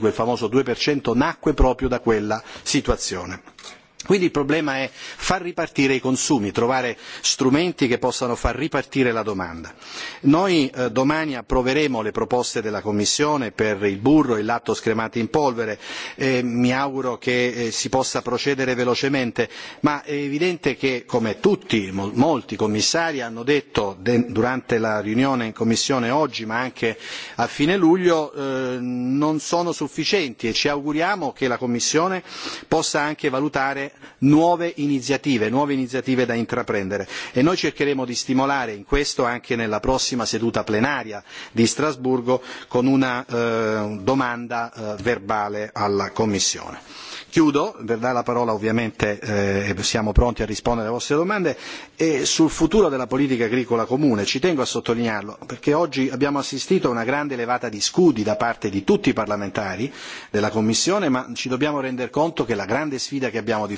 quel famoso 2% nacque proprio da quella situazione. Quindi il problema è far ripartire i consumi, trovare strumenti che possano far ripartire la domanda. Noi eh, domani approveremo le proposte della Commissione per il burro e il latte scremato in polvere, eh, mi auguro che eh, si possa procedere velocemente, ma è evidente che, come tutti, mol- molti commissari hanno detto de- durante la riunione in Commissione oggi, ma anche a fine luglio, eh, non sono sufficienti e ci auguriamo che la Commissione possa anche valutare come nuove iniziative, nuove iniziative da intraprendere e noi cercheremo di stimolare in questo anche nella prossima seduta plenaria di Strasburgo con una eh, domanda eh, verbale alla Commissione. Chiudo, verrà la parola ovviamente eh, e siamo pronti a rispondere alle vostre domande, e sul futuro della politica agricola comune. Ci tengo a sottolinearlo perché oggi abbiamo assistito a una grande levata di scudi da parte di tutti i parlamentari della Commissione, ma ci dobbiamo rendere conto che la grande sfida che abbiamo di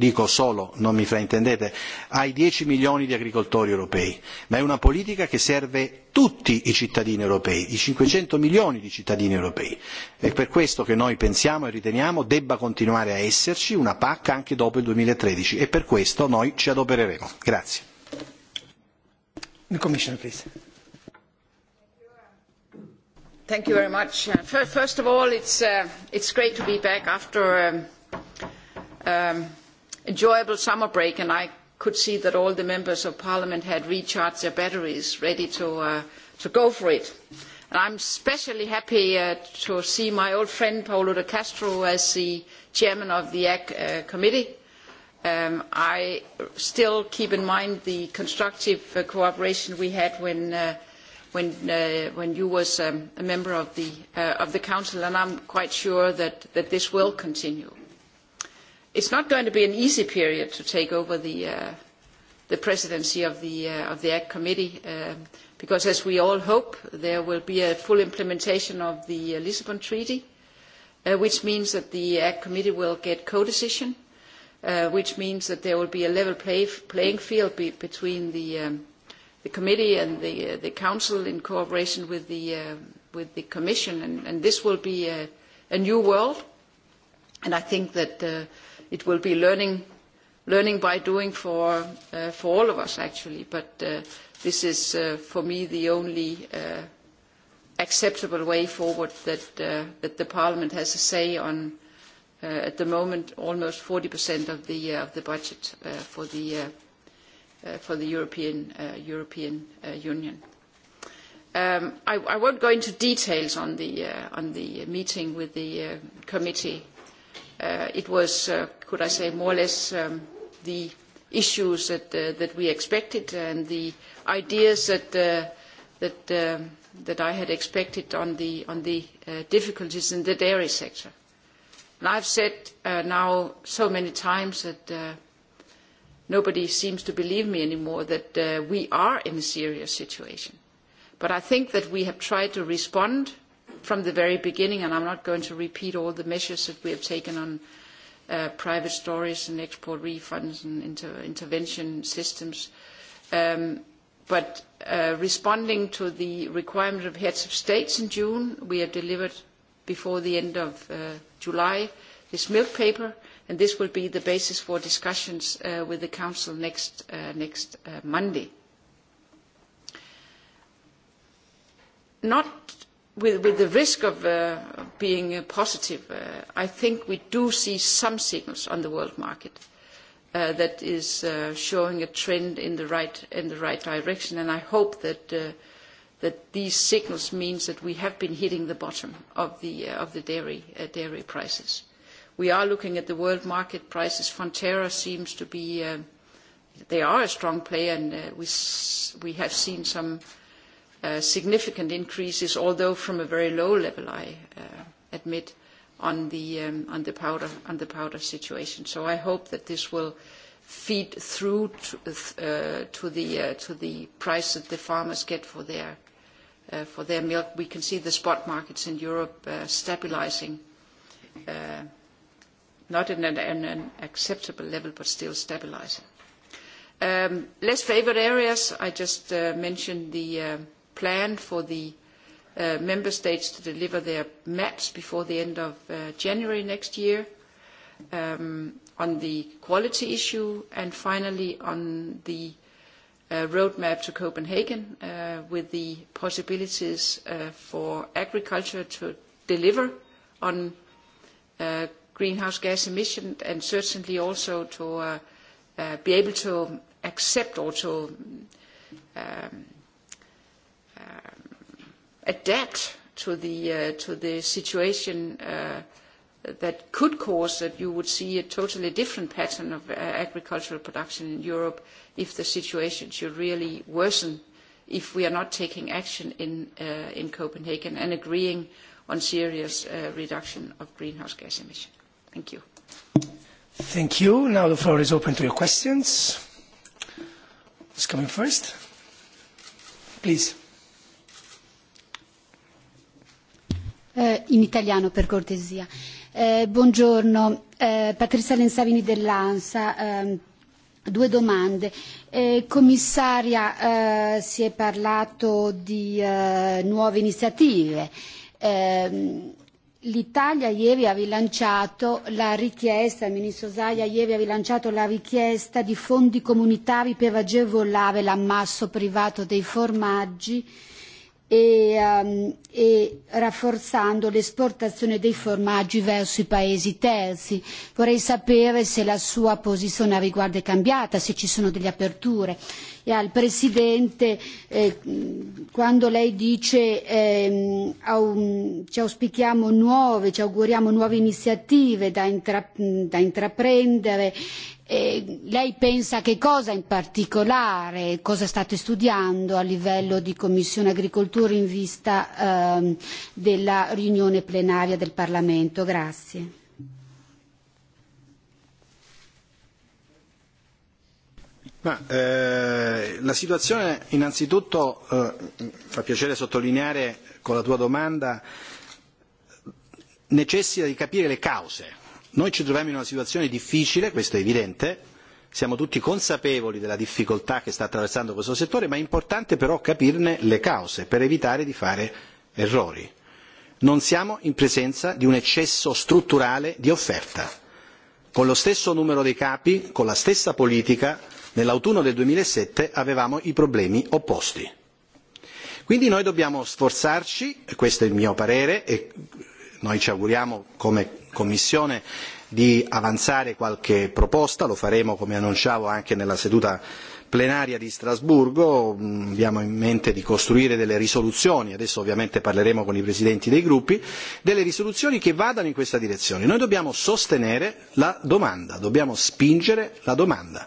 dico solo, non mi fraintendete, ai 10 milioni di agricoltori europei, ma è una politica che serve tutti i cittadini europei, i 500 milioni di cittadini europei. È per questo che noi pensiamo e riteniamo debba continuare a esserci una PAC anche dopo il 2013 e per questo noi ci adopereremo. Grazie. The Commissioner, please. Thank you very much. First of all, it's, uh, it's great to be back after um, um, enjoyable summer break, and I could see that all the members of parliament had recharged their batteries, ready to, uh, to go for it. And I'm especially happy uh, to see my old friend Paolo de Castro as the chairman of the AC uh, committee. Um, I still keep in mind the constructive uh, cooperation we had when, uh, when, uh, when you was um, a member of the, uh, of the council, and I'm quite sure that, that this will continue it's not going to be an easy period to take over the uh, the presidency of the uh, of the Act Committee, um, because as we all hope, there will be a full implementation of the uh, Lisbon Treaty, uh, which means that the Act Committee will get co-decision, uh, which means that there will be a level play f- playing field be- between the um, the committee and the uh, the council in cooperation with the uh, with the commission, and, and this will be a, a new world, and I think that. Uh, it will be learning, learning by doing for, uh, for all of us, actually. But uh, this is, uh, for me, the only uh, acceptable way forward that, uh, that the Parliament has a say on, uh, at the moment, almost 40% of the, uh, of the budget uh, for the uh, uh, for the European, uh, European uh, Union. Um, I, I won't go into details on the, uh, on the meeting with the uh, committee Uh, it was, uh, could I say, more or less um, the issues that, uh, that we expected and the ideas that, uh, that, um, that I had expected on the, on the uh, difficulties in the dairy sector. And I've said uh, now so many times that uh, nobody seems to believe me anymore that uh, we are in a serious situation. But I think that we have tried to respond from the very beginning, and I'm not going to repeat all the measures that we have taken on uh, private storage and export refunds and inter intervention systems. Um, but uh, responding to the requirement of heads of states in June, we have delivered before the end of uh, July this milk paper, and this will be the basis for discussions uh, with the Council next, uh, next uh, Monday. Not with, with the risk of uh, being uh, positive, uh, I think we do see some signals on the world market uh, that is uh, showing a trend in the right in the right direction, and I hope that uh, that these signals means that we have been hitting the bottom of the uh, of the dairy uh, dairy prices. We are looking at the world market prices. Fonterra seems to be uh, they are a strong player, and uh, we s- we have seen some. Uh, uh, significant increases, although from a very low level, I uh, admit, on the, um, on, the powder, on the powder situation. So I hope that this will feed through to, uh, to, the, uh, to the price that the farmers get for their, uh, for their milk. We can see the spot markets in Europe uh, stabilizing uh, not at an, an, an acceptable level, but still stabilizing. Um, less favored areas, I just uh, mentioned the, uh, plan for the uh, member states to deliver their maps before the end of uh, January next year, um, on the quality issue, and finally on the uh, roadmap to Copenhagen uh, with the possibilities uh, for agriculture to deliver on uh, greenhouse gas emission and certainly also to uh, uh, be able to accept or to um, adapt to the, uh, to the situation uh, that could cause that you would see a totally different pattern of uh, agricultural production in Europe if the situation should really worsen if we are not taking action in, uh, in Copenhagen and agreeing on serious uh, reduction of greenhouse gas emission. Thank you. Thank you. Now the floor is open to your questions. Who's coming first? Please. eh, in italiano per cortesia. Eh, buongiorno, eh, Patrizia Lensavini dell'ANSA. Eh, Due domande. Eh, commissaria, eh, si è parlato di eh, nuove iniziative. Eh, L'Italia ieri ha rilanciato la richiesta, il ministro Zaia ieri ha rilanciato la richiesta di fondi comunitari per agevolare l'ammasso privato dei formaggi eh, e, um, e rafforzando l'esportazione dei formaggi verso i paesi terzi. Vorrei sapere se la sua posizione a riguardo è cambiata, se ci sono delle aperture. E al Presidente, eh, quando lei dice eh, au, ci auspichiamo nuove, ci auguriamo nuove iniziative da, intra, da intraprendere Eh, lei pensa che cosa in particolare, cosa state studiando a livello di Commissione Agricoltura in vista ehm, della riunione plenaria del Parlamento? Grazie. Ma, eh, la situazione innanzitutto eh, fa piacere sottolineare con la tua domanda necessita di capire le cause Noi ci troviamo in una situazione difficile, questo è evidente, siamo tutti consapevoli della difficoltà che sta attraversando questo settore, ma è importante però capirne le cause per evitare di fare errori. Non siamo in presenza di un eccesso strutturale di offerta. Con lo stesso numero dei capi, con la stessa politica, nell'autunno del 2007 avevamo i problemi opposti. Quindi noi dobbiamo sforzarci, questo è il mio parere e noi ci auguriamo come Commissione di avanzare qualche proposta, lo faremo come annunciavo anche nella seduta plenaria di Strasburgo, mm, abbiamo in mente di costruire delle risoluzioni, adesso ovviamente parleremo con i presidenti dei gruppi, delle risoluzioni che vadano in questa direzione. Noi dobbiamo sostenere la domanda, dobbiamo spingere la domanda.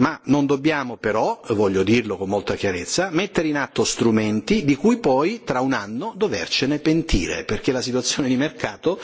ma non dobbiamo però, voglio dirlo con molta chiarezza, mettere in atto strumenti di cui poi tra un anno dovercene pentire, perché la situazione di mercato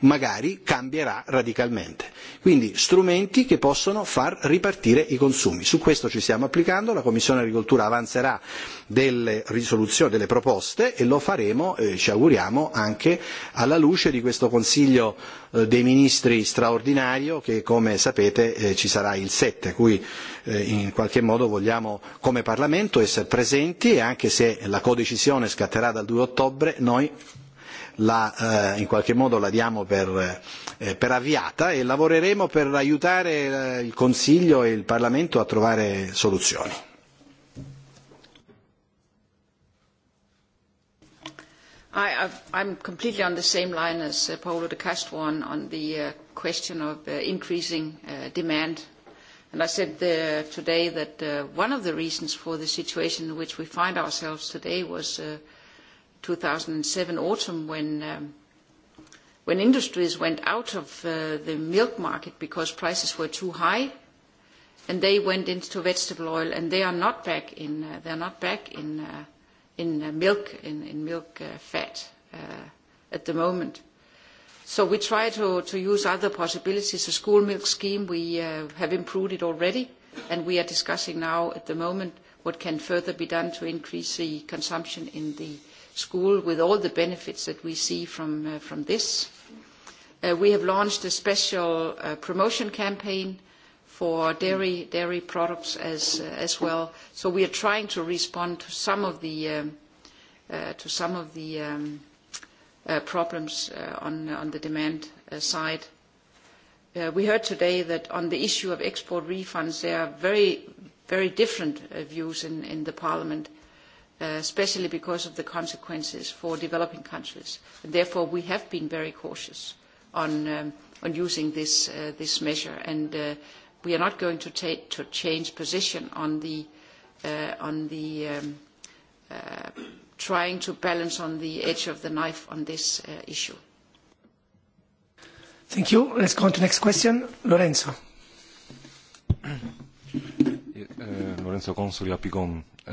magari cambierà radicalmente. Quindi strumenti che possono far ripartire i consumi. Su questo ci stiamo applicando, la Commissione Agricoltura avanzerà delle risoluzioni, delle proposte e lo faremo, eh, ci auguriamo, anche alla luce di questo Consiglio eh, dei Ministri straordinario che, come sapete, eh, ci sarà il 7, cui eh, in qualche modo vogliamo come Parlamento essere presenti e anche se la codecisione scatterà dal 2 ottobre noi la, eh, in qualche modo la diamo per, eh, per avviata e lavoreremo per aiutare eh, il Consiglio e il Parlamento a trovare soluzioni. I, I'm completely on the same line as uh, Paolo de Castro on, on the uh, question of uh, increasing uh, demand uh, And I said uh, today that uh, one of the reasons for the situation in which we find ourselves today was uh, 2007 autumn when, um, when industries went out of uh, the milk market because prices were too high and they went into vegetable oil and they are not back in, uh, they're not back in, uh, in uh, milk, in, in milk uh, fat uh, at the moment. So we try to, to use other possibilities. The school milk scheme, we uh, have improved it already, and we are discussing now at the moment what can further be done to increase the consumption in the school with all the benefits that we see from, uh, from this. Uh, we have launched a special uh, promotion campaign for dairy, dairy products as, uh, as well. So we are trying to respond to some of the, um, uh, to some of the um, uh, problems uh, on, on the demand uh, side. Uh, we heard today that on the issue of export refunds, there are very, very different uh, views in, in the Parliament, uh, especially because of the consequences for developing countries. And therefore, we have been very cautious on, um, on using this, uh, this measure, and uh, we are not going to, take, to change position on the, uh, on the um, uh, trying to balance on the edge of the knife on this uh, issue. Thank you. Let's go on to the next question. Lorenzo. Uh, Lorenzo Consoli, Apicom. Uh,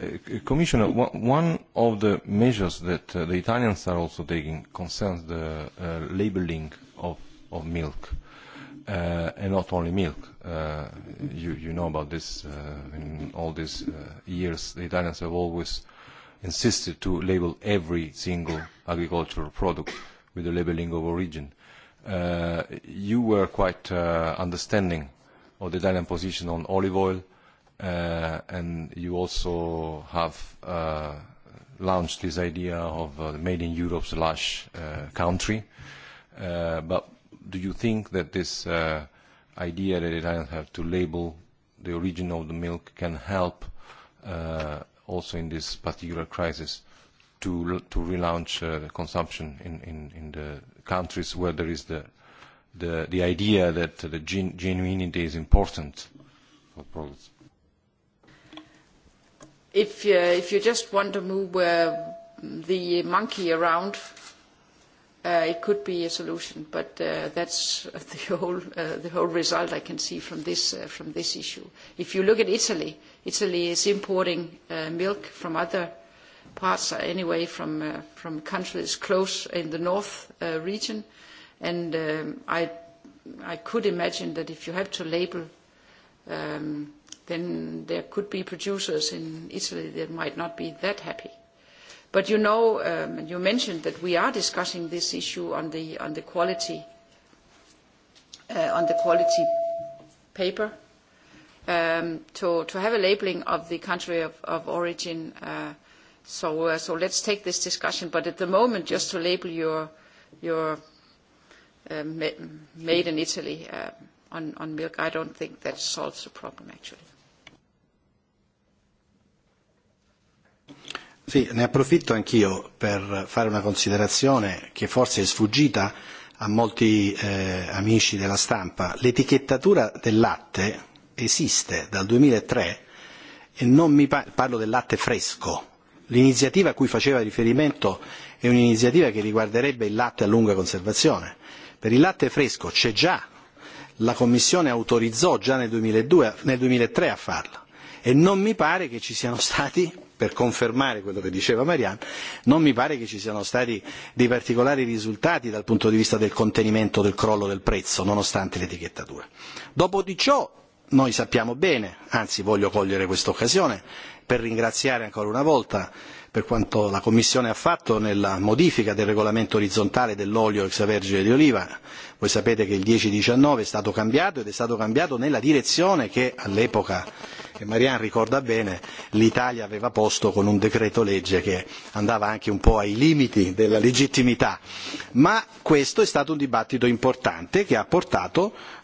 uh, Commissioner, one of the measures that uh, the Italians are also taking concerns the uh, labeling of, of milk, uh, and not only milk. Uh, you, you know about this uh, in all these uh, years. The Italians have always uh, insisted to label every single agricultural product with a labeling of origin. Uh, you were quite uh, understanding of the Italian position on olive oil, uh, and you also have uh, launched this idea of uh, made in Europe slash uh, country. Uh, but do you think that this uh, idea that Italians have to label the origin of the milk can help uh, also in this particular crisis to, to relaunch uh, consumption in, in, in the countries where there is the, the, the idea that the gen genuinity is important for products. If, uh, if you just want to move uh, the monkey around uh, it could be a solution, but uh, that's uh, the whole, uh, the whole result I can see from this, uh, from this issue. If you look at Italy, Italy is importing uh, milk from other parts, uh, anyway, from, uh, from countries close in the north uh, region, and um, I, I could imagine that if you have to label, um, then there could be producers in Italy that might not be that happy But you know, um, you mentioned that we are discussing this issue on the, on the quality, uh, on the quality paper, um, to, to have a labeling of the country of, of origin. Uh, so, uh, so let's take this discussion. But at the moment, just to label your, your uh, made in Italy uh, on, on milk, I don't think that solves the problem, actually. Sì, ne approfitto anch'io per fare una considerazione che forse è sfuggita a molti eh, amici della stampa. L'etichettatura del latte esiste dal 2003 e non mi par- parlo del latte fresco. L'iniziativa a cui faceva riferimento è un'iniziativa che riguarderebbe il latte a lunga conservazione. Per il latte fresco c'è già, la Commissione autorizzò già nel, 2002, nel 2003 a farla e non mi pare che ci siano stati per confermare quello che diceva Marianne, non mi pare che ci siano stati dei particolari risultati dal punto di vista del contenimento del crollo del prezzo, nonostante l'etichettatura. Dopo di ciò noi sappiamo bene, anzi voglio cogliere questa occasione per ringraziare ancora una volta per quanto la Commissione ha fatto nella modifica del regolamento orizzontale dell'olio extravergine di oliva. Voi sapete che il 10-19 è stato cambiato ed è stato cambiato nella direzione che all'epoca, che Marianne ricorda bene, l'Italia aveva posto con un decreto legge che andava anche un po' ai limiti della legittimità. Ma questo è stato un dibattito importante che ha portato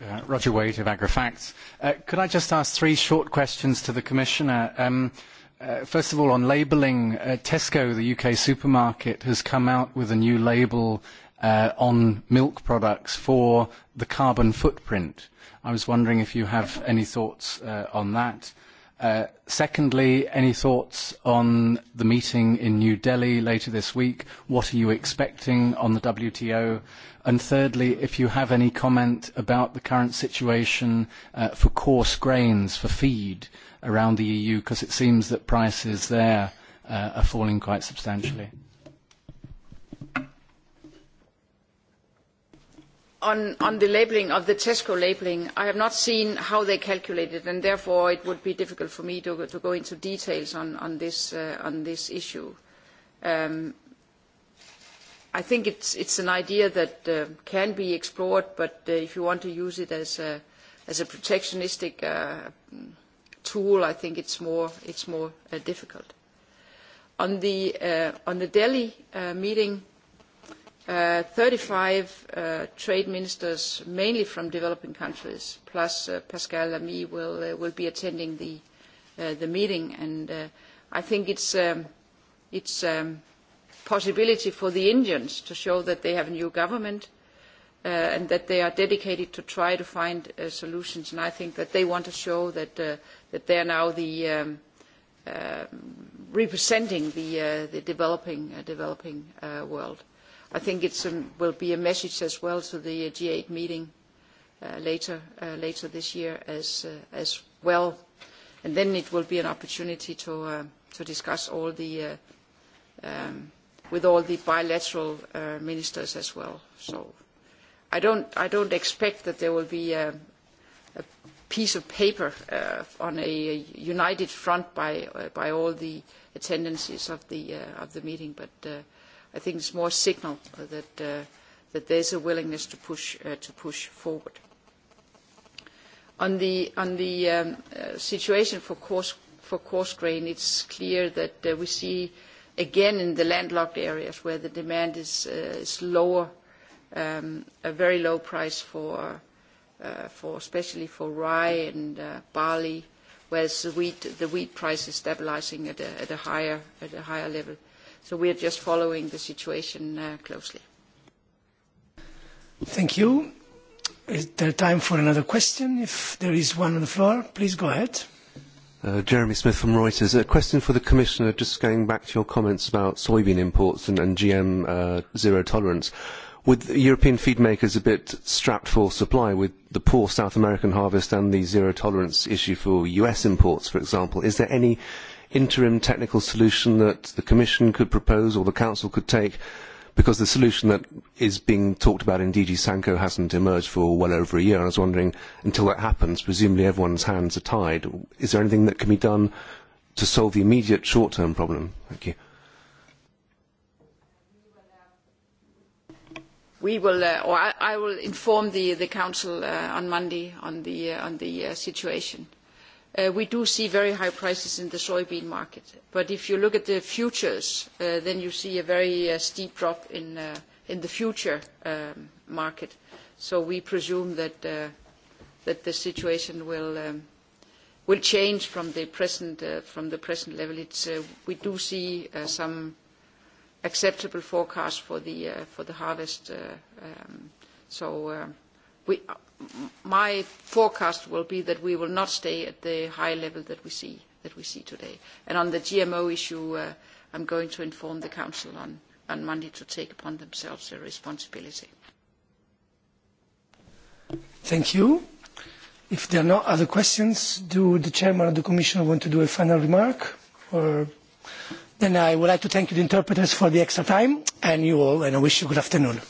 Uh, Roger Wade of AgriFacts. Uh, could I just ask three short questions to the Commissioner? Um, uh, first of all, on labelling, uh, Tesco, the UK supermarket, has come out with a new label uh, on milk products for the carbon footprint. I was wondering if you have any thoughts uh, on that. Uh, Uh, secondly, any thoughts on the meeting in New Delhi later this week? What are you expecting on the WTO? And thirdly, if you have any comment about the current situation uh, for coarse grains, for feed around the EU, because it seems that prices there uh, are falling quite substantially. Mm-hmm. On, on the labeling of the Tesco labeling, I have not seen how they calculate it, and therefore it would be difficult for me to, to go into details on, on, this, uh, on this issue. Um, I think it's, it's an idea that uh, can be explored, but uh, if you want to use it as a, as a protectionistic uh, tool, I think it's more, it's more uh, difficult. On the, uh, on the Delhi uh, meeting, uh, 35 uh, trade ministers, mainly from developing countries, plus uh, Pascal Lamy will, uh, will be attending the, uh, the meeting. And uh, I think it's, um, it's um, possibility for the Indians to show that they have a new government uh, and that they are dedicated to try to find uh, solutions. And I think that they want to show that, uh, that they are now the, um, uh, representing the, uh, the developing, uh, developing uh, world. Uh, I think it um, will be a message as well to the uh, G8 meeting uh, later, uh, later this year as, uh, as well. And then it will be an opportunity to, uh, to discuss all the, uh, um, with all the bilateral uh, ministers as well. So I don't, I don't expect that there will be a, uh, a piece of paper uh, on a, a united front by, uh, by all the attendances of the, uh, of the meeting, but uh, I think it's more a signal that, uh, that there's a willingness to push, uh, to push forward. On the, on the um, uh, situation for coarse, for coarse grain, it's clear that uh, we see again in the landlocked areas where the demand is, uh, is lower, um, a very low price for, uh, for especially for rye and uh, barley, whereas the wheat, the wheat price is stabilizing at a, at a, higher, at a higher level. Uh, So we are just following the situation uh, closely. Thank you. Is there time for another question? If there is one on the floor, please go ahead. Uh, Jeremy Smith from Reuters. A question for the Commissioner, just going back to your comments about soybean imports and, and GM uh, zero tolerance. With European feed makers a bit strapped for supply with the poor South American harvest and the zero tolerance issue for US imports, for example, is there any interim technical solution that the Commission could propose or the Council could take because the solution that is being talked about in DG Sanko hasn't emerged for well over a year. I was wondering, until that happens, presumably everyone's hands are tied. Is there anything that can be done to solve the immediate short-term problem? Thank you. We will, uh, or I, I will inform the, the Council uh, on Monday on the, uh, on the uh, situation Uh, we do see very high prices in the soybean market, but if you look at the futures, uh, then you see a very uh, steep drop in, uh, in the future um, market. So we presume that, uh, that the situation will, um, will change from the present, uh, from the present level. It's, uh, we do see uh, some acceptable forecast for the, uh, for the harvest. Uh, um, so, uh, we, uh, my forecast will be that we will not stay at the high level that we see, that we see today. And on the GMO issue, uh, I'm going to inform the Council on, on Monday to take upon themselves the responsibility. Thank you. If there are no other questions, do the Chairman of the Commission want to do a final remark? Or then I would like to thank you, the interpreters, for the extra time, and you all, and I wish you good afternoon.